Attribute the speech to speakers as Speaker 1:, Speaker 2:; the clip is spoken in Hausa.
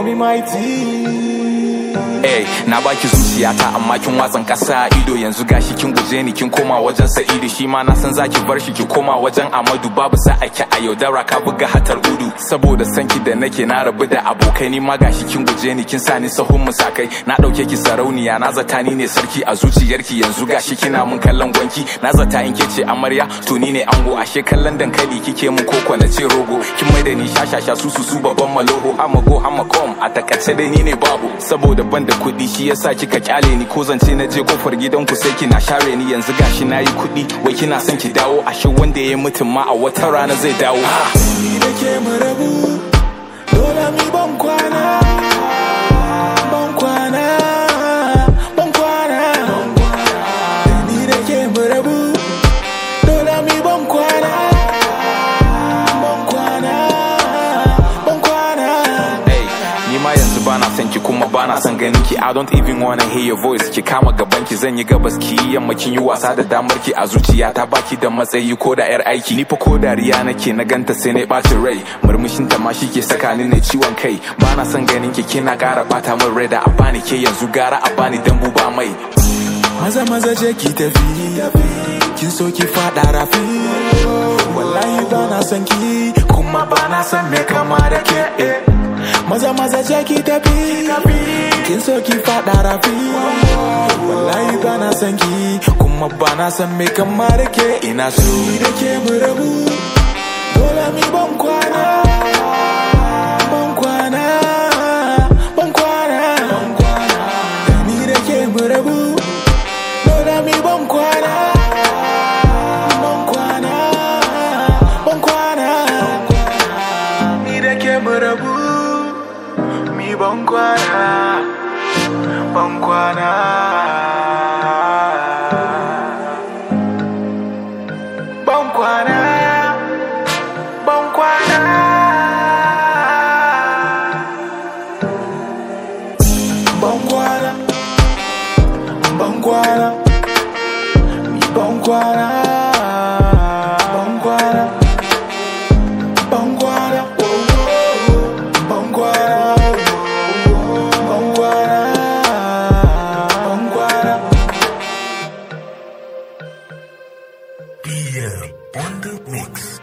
Speaker 1: Call me mighty.
Speaker 2: Hey, eh, na baki zuciyata amma kin watsan kasa ido yanzu gashi kin guje ni kin koma wajen Sa'idu shi ma na san zaki bar shi ki koma wajen Amadu babu sa'a ki a yaudara ka buga hatar gudu saboda sanki da nake na rabu da abokai ni ma gashi kin guje ni kin sani sahun musakai na dauke ki sarauniya na zata ni ne sarki a zuciyarki yanzu gashi kina mun kallon gwanki na zata in ke ce amarya to ni ne ango ashe kallon dankali kike mun koko na ce rogo kin mai da ni shashasha su su su babban maloho amago a takace dai ni ne babu saboda daban da kuɗi shi ya sa kika kyale ni ko zance na je kofar gidan ku sai kina share ni yanzu gashi yi kuɗi wai kina son ki dawo ashe wanda ya mutum ma a wata rana zai dawo ah.
Speaker 1: ni da ke marabu dole
Speaker 2: kuma kuma bana son ganin ki I don't even wanna hear your voice ki kama gaban ki zan yi gabas ki yamma kin yi wasa da damar ki a zuciya ta baki da matsayi ko da yar aiki ni fa ko dariya nake na ganta sai na bacin rai murmushin ta ma shike saka ni ne ciwon kai bana son ganin ki kina ƙara bata min rai da a bani ke yanzu gara a bani dambu ba mai
Speaker 3: maza maza je ki tafi kin so ki fada rafi wallahi bana son ki kuma bana son me kama da ke eh. maza je ki tafi kin so ki fada rafi wallahi bana na san ki kuma bana na san me kamar ke ina so da ke
Speaker 1: mu rabu dole mi ban kwana But I will. Bongwana, bongwana,
Speaker 3: bongwana, bongwana, bongwana,
Speaker 1: bongwana. bankwana Pierre on the mix.